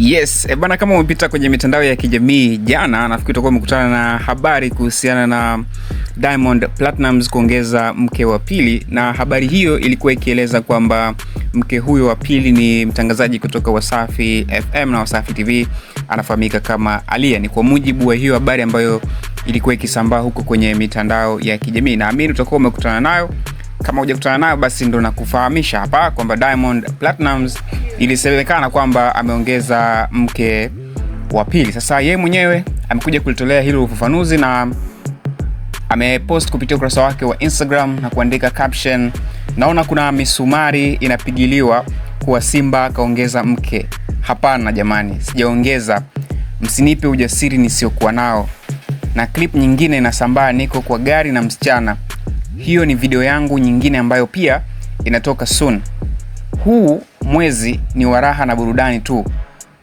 Yes, e bana, kama umepita kwenye mitandao ya kijamii jana, nafikiri utakuwa umekutana na habari kuhusiana na Diamond Platnumz kuongeza mke wa pili, na habari hiyo ilikuwa ikieleza kwamba mke huyo wa pili ni mtangazaji kutoka Wasafi FM na Wasafi TV, anafahamika kama Aaliyah. Ni kwa mujibu wa hiyo habari ambayo ilikuwa ikisambaa huko kwenye mitandao ya kijamii, naamini utakuwa umekutana nayo kama hujakutana nayo basi ndo nakufahamisha hapa kwamba Diamond Platnumz ilisemekana kwamba ameongeza mke wa pili. Sasa yeye mwenyewe amekuja kulitolea hilo ufafanuzi na amepost kupitia ukurasa wake wa Instagram na kuandika caption, naona kuna misumari inapigiliwa kuwa Simba akaongeza mke. Hapana jamani, sijaongeza, msinipe ujasiri nisiokuwa nao. Na klip nyingine inasambaa, niko kwa gari na msichana hiyo ni video yangu nyingine ambayo pia inatoka soon. Huu mwezi ni wa raha na burudani tu,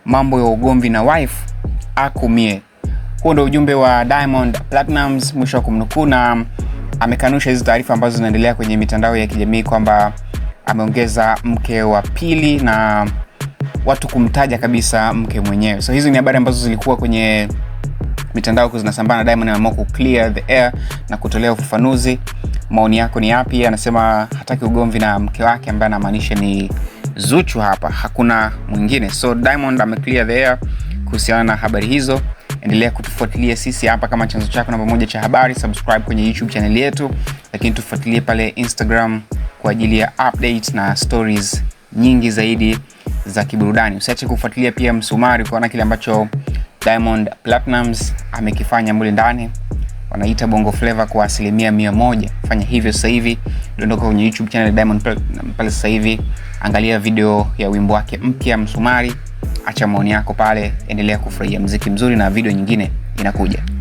mambo ya ugomvi na wife akumie. Huo ndo ujumbe wa Diamond platinums mwisho wa kumnukuu, na amekanusha hizi taarifa ambazo zinaendelea kwenye mitandao ya kijamii kwamba ameongeza mke wa pili na watu kumtaja kabisa mke mwenyewe. So hizi ni habari ambazo zilikuwa kwenye mitandao zinasambana. Diamond ameamua ku clear the air na kutolea ufafanuzi maoni yako ni yapi? Anasema hataki ugomvi na mke wake ambaye anamaanisha ni Zuchu, hapa hakuna mwingine. So Diamond ame clear the air kuhusiana na habari hizo. Endelea kutufuatilia sisi hapa kama chanzo chako namba moja cha habari. Subscribe kwenye YouTube channel yetu, lakini tufuatilie pale Instagram kwa ajili ya updates na stories nyingi zaidi za kiburudani. Usiache kufuatilia pia Msumari kuona kile ambacho Diamond platinums amekifanya mule ndani wanaita bongo flava kwa asilimia mia moja. Fanya hivyo sasa hivi, dondoka kwenye YouTube channel Diamond pale sasa hivi, angalia video ya wimbo wake mpya Msumari, acha maoni yako pale, endelea kufurahia mziki mzuri na video nyingine inakuja.